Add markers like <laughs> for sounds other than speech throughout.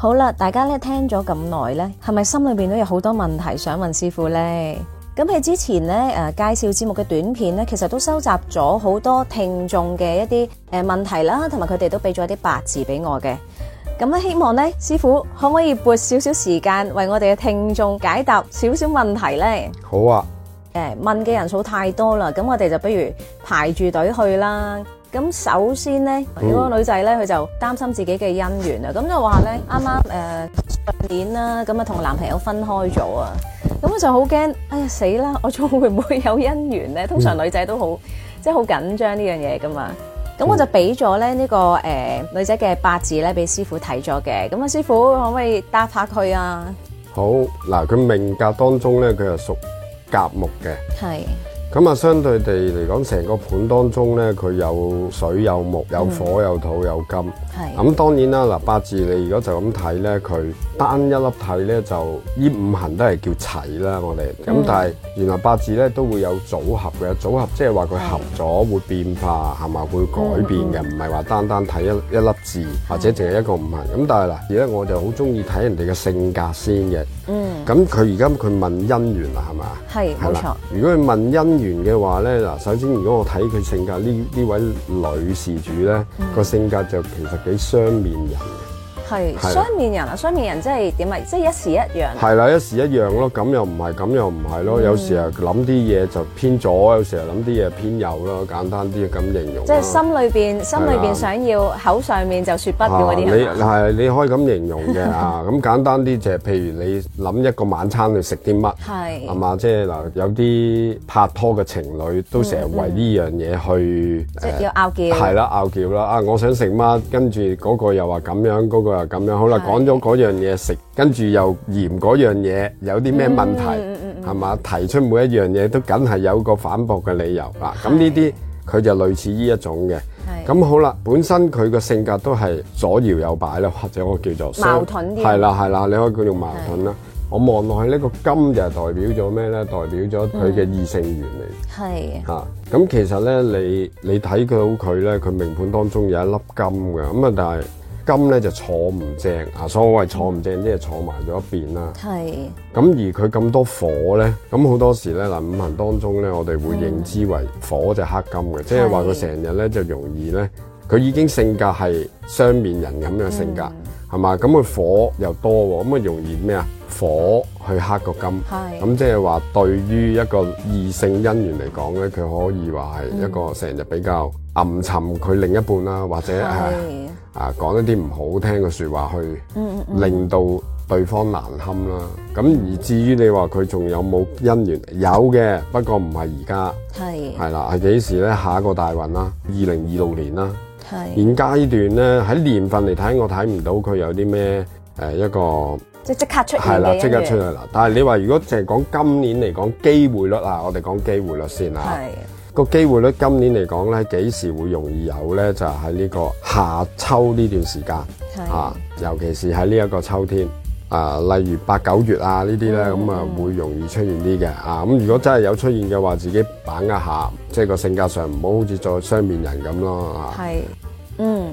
好啦，大家咧聽咗咁耐咧，係咪心裏邊都有好多問題想問師傅咧？咁喺之前咧誒，介紹節目嘅短片咧，其實都收集咗好多聽眾嘅一啲誒問題啦，同埋佢哋都俾咗一啲八字俾我嘅。咁咧希望咧師傅可唔可以撥少少時間為我哋嘅聽眾解答少少問題咧？好啊。誒，問嘅人數太多啦，咁我哋就不如排住隊去啦。咁首先咧，如果女仔咧，佢就擔心自己嘅姻緣啊。咁就話咧，啱啱誒上年啦，咁啊同男朋友分開咗啊。咁啊就好驚，哎呀死啦！我仲會唔會有姻緣咧？通常女仔都好、嗯、即係好緊張呢樣嘢噶嘛。咁我就俾咗咧呢個誒、呃、女仔嘅八字咧，俾師傅睇咗嘅。咁啊，師傅可唔可以答下佢啊？好。嗱，佢命格當中咧，佢係屬甲木嘅。係。咁啊，相對地嚟講，成個盤當中咧，佢有水、有木、有火、有土、有金。係、嗯。咁當然啦，嗱八字你如果就咁睇咧，佢單一粒睇咧就呢五行都係叫齊啦，我哋。咁但係原來八字咧都會有組合嘅，組合即係話佢合咗會變化係咪會改變嘅，唔係話單單睇一一粒字或者淨係一個五行。咁但係嗱，而家我就好中意睇人哋嘅性格先嘅。嗯。咁佢而家佢問姻緣是啦，係咪啊？係，冇錯。如果佢問姻嘅話咧，嗱，首先如果我睇佢性格，呢呢位女事主咧個、嗯、性格就其實幾雙面人。係雙面人啊！雙面人即係點啊？即係一時一樣。係啦，一時一樣咯。咁又唔係，咁又唔係咯。有時啊諗啲嘢就偏左，有時又諗啲嘢偏右咯。簡單啲咁形容。即係心裏面，心裏面想要，口上面就説不嗰啲。你係你可以咁形容嘅啊！咁簡單啲就係，譬如你諗一個晚餐去食啲乜，係啊嘛？即係嗱，有啲拍拖嘅情侶都成日為呢樣嘢去，即係要拗撬。係啦，拗撬啦！啊，我想食乜，跟住嗰個又話咁樣，嗰個。啊，咁樣好啦，講咗嗰樣嘢食，跟住又嫌嗰樣嘢有啲咩問題，係嘛？提出每一樣嘢都緊係有個反駁嘅理由嗱，咁呢啲佢就類似呢一種嘅。咁好啦，本身佢個性格都係左搖右擺啦，或者我叫做矛盾啲，係啦係啦，你可以叫做矛盾啦。我望落去呢個金就係代表咗咩咧？代表咗佢嘅異性緣嚟。係吓，咁其實咧，你你睇到佢咧，佢命盤當中有一粒金嘅，咁啊，但係。金咧就坐唔正，啊，所謂坐唔正、嗯、即係坐埋咗一邊啦。係是。咁而佢咁多火咧，咁好多時咧嗱，五行當中咧，我哋會認知為火就克金嘅，嗯、即係話佢成日咧就容易咧，佢已經性格係雙面人咁樣性格，係嘛、嗯？咁佢火又多，咁、嗯、咪容易咩啊？火去克個金，係。是。咁即係話對於一個異性姻緣嚟講咧，佢可以話係一個成日比較暗沉佢另一半啦，或者係。是哎啊，講一啲唔好聽嘅説話去嗯嗯嗯，令到對方難堪啦。咁而至於你話佢仲有冇姻緣？有嘅，不過唔係而家。係係啦，係幾時咧？下一個大運啦，二零二六年啦。係、嗯、現階段咧，喺年份嚟睇，我睇唔到佢有啲咩誒一個，即即刻出現嘅。係啦，即刻出嚟啦。但係你話如果淨係講今年嚟講機會率啊，我哋講機會率先啊。係。個機會率今年嚟講咧，幾時會容易有咧？就喺、是、呢個夏秋呢段時間是啊，尤其是喺呢一個秋天啊，例如八九月啊呢啲咧，咁啊、嗯、會容易出現啲嘅啊。咁如果真係有出現嘅話，自己把握下，即係個性格上唔好好似再雙面人咁咯啊。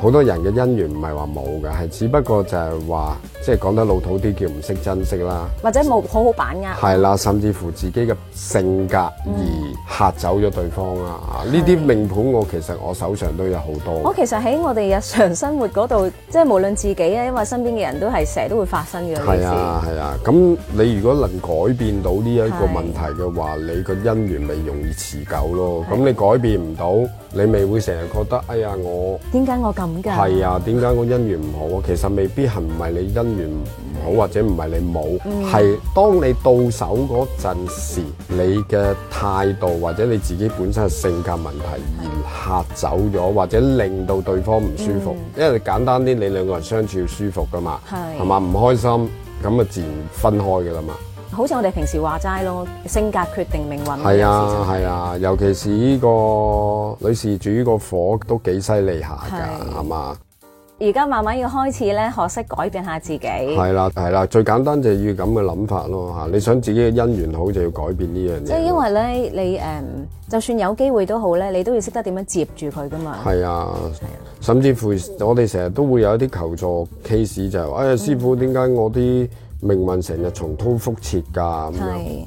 好多人嘅姻緣唔係話冇嘅，係只不過就係話即係講得老土啲叫唔識珍惜啦，或者冇好好把握。係啦，甚至乎自己嘅性格而嚇走咗對方啦。呢啲命盤我其實我手上都有好多。我其實喺我哋日常生活嗰度，即係無論自己啊，因為身邊嘅人都係成日都會發生嘅。係啊係啊，咁你如果能改變到呢一個問題嘅話，你個姻緣咪容易持久咯。咁你改變唔到，你咪會成日覺得哎呀我點解我咁？係啊，點解我姻緣唔好啊？其實未必係唔係你姻緣唔好，或者唔係你冇，係、嗯、當你到手嗰陣時，你嘅態度或者你自己本身嘅性格問題而嚇走咗，或者令到對方唔舒服。嗯、因為你簡單啲，你兩個人相處要舒服噶嘛，係嘛是，唔開心咁啊自然分開噶啦嘛。好似我哋平時話齋咯，性格決定命運。係啊係啊，尤其是呢個女事主個火都幾犀利下㗎，係嘛是？而家吧慢慢要開始咧，學識改變下自己。係啦係啦，最簡單就係要咁嘅諗法咯嚇、啊。你想自己嘅姻緣好，就要改變呢樣嘢。即係因為咧，你誒、嗯，就算有機會都好咧，你都要識得點樣接住佢㗎嘛。係啊，啊啊甚至乎我哋成日都會有一啲求助 case 就係話、哎呀，師傅，點解我啲？命運成日重蹈覆轍㗎，咁樣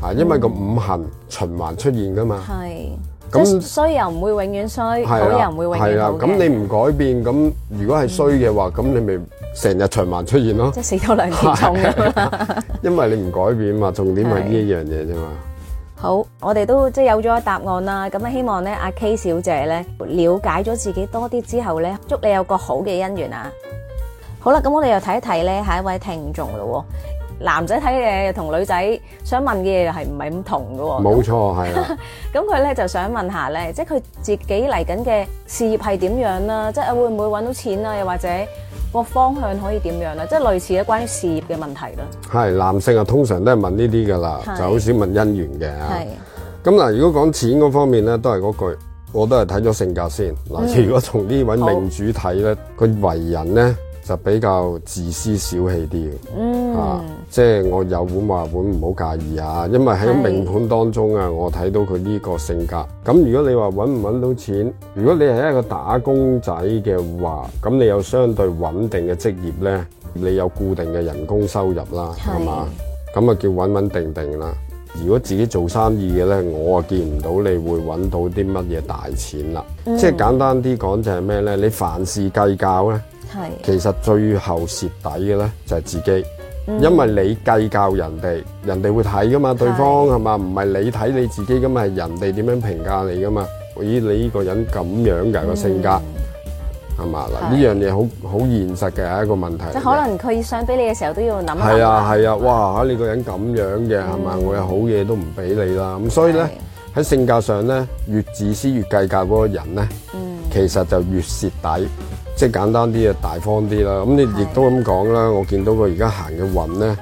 嚇，因為個五行循環出現㗎嘛。係咁衰又唔會永遠衰，好又唔會永遠。係啦，咁你唔改變，咁如果係衰嘅話，咁你咪成日循環出現咯。即係死多兩次重㗎。因為你唔改變嘛，重點係呢一樣嘢啫嘛。好，我哋都即係有咗答案啦。咁啊，希望咧阿 K 小姐咧了解咗自己多啲之後咧，祝你有個好嘅姻緣啊！好啦，咁我哋又睇一睇咧，下一位聽眾咯。男仔睇嘢同女仔想問嘅嘢，係唔係唔同噶？冇錯，係啦。咁佢咧就想問下咧，即係佢自己嚟緊嘅事業係點樣啦？即係會唔會揾到錢啊？又或者個方向可以點樣啊？即係類似咧，關於事業嘅問題咯。係男性啊，通常都係問呢啲噶啦，就好少問姻緣嘅。係咁嗱，如果講錢嗰方面咧，都係嗰句，我都係睇咗性格先嗱。如果從呢位命主睇咧，佢為人咧。就比較自私小氣啲嘅，嚇、嗯啊，即係我有碗話碗唔好介意啊。因為喺命盤當中啊，是我睇到佢呢個性格。咁如果你話揾唔揾到錢，如果你係一個打工仔嘅話，咁你有相對穩定嘅職業呢，你有固定嘅人工收入啦，係嘛是？咁啊叫穩穩定定啦。如果自己做生意嘅呢，我啊見唔到你會揾到啲乜嘢大錢啦。嗯、即係簡單啲講，就係咩呢？你凡事計較呢。係其實最後蝕底嘅咧就係自己，因為你計較人哋，人哋會睇噶嘛，對方係嘛，唔係你睇你自己噶嘛，係人哋點樣評價你噶嘛？咦，你呢個人咁樣嘅個性格係嘛？嗱，呢樣嘢好好現實嘅一個問題。即係可能佢想俾你嘅時候都要諗下。係啊係啊，哇吓你個人咁樣嘅係嘛？我有好嘢都唔俾你啦。咁所以咧喺性格上咧，越自私越計較嗰個人咧，其實就越蝕底。即係簡單啲啊，大方啲啦。咁你亦都咁講啦。的我見到佢而家行嘅運咧，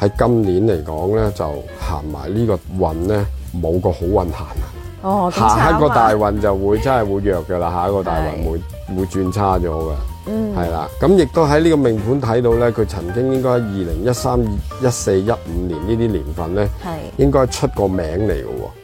喺今年嚟講咧，就行埋呢個運咧，冇個好運行啊。哦，下一個大運就會真係會弱嘅啦。下一個大運會的會，會轉差咗嘅。嗯，係啦。咁亦都喺呢個命盤睇到咧，佢曾經應該喺二零一三、一四、一五年呢啲年份咧，的應該出個名嚟嘅喎。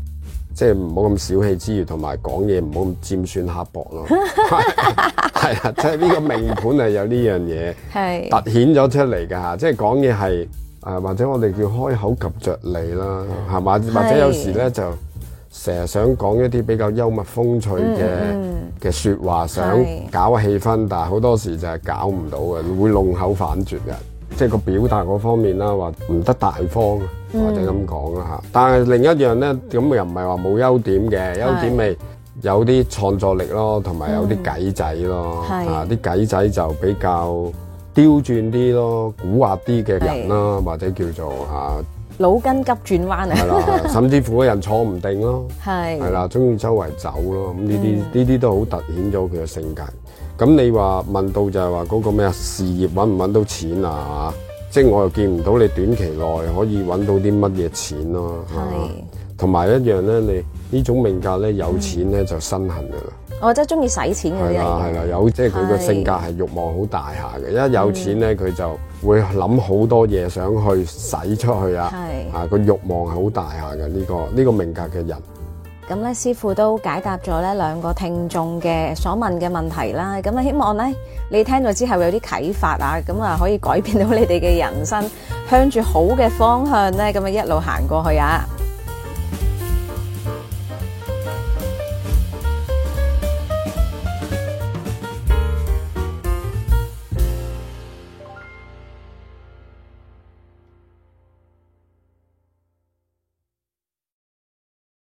即係唔好咁小氣之餘，同埋講嘢唔好咁尖酸刻薄咯，係啦， <laughs> <laughs> 即係呢個命盤係有呢樣嘢凸顯咗出嚟㗎嚇，即係講嘢係誒或者我哋叫開口及着你啦，係嘛？是或者有時咧就成日想講一啲比較幽默風趣嘅嘅説話，想搞氣氛，但係好多時就係搞唔到嘅，會弄巧反拙嘅。即係個表達嗰方面啦，或唔得大方，或者咁講啦嚇。但係另一樣咧，咁又唔係話冇優點嘅，優點咪有啲創作力咯，同埋有啲計仔咯。係啊，啲計仔就比較刁鑽啲咯，蠱惑啲嘅人啦，或者叫做嚇。腦筋急轉彎啊！係啦，甚至乎個人坐唔定咯。係係啦，中意周圍走咯。咁呢啲呢啲都好突顯咗佢嘅性格。咁你話問到就係話嗰個咩啊事業揾唔揾到錢啊即係、啊就是、我又見唔到你短期內可以揾到啲乜嘢錢咯、啊，係是。同埋、啊、一樣咧，你種呢種命格咧有錢咧就身痕噶啦。哦，即係中意使錢嘅人。係啦係啦，有即係佢個性格係欲望好大下嘅，是一有錢咧佢就會諗好多嘢想去使出去是啊，吓、個欲望係好大下嘅呢個呢、呢個命格嘅人。咁咧，師傅都解答咗咧兩個聽眾嘅所問嘅問題啦。咁啊，希望咧你聽咗之後有啲啟發啊，咁啊可以改變到你哋嘅人生，向住好嘅方向咧，咁啊一路行過去啊！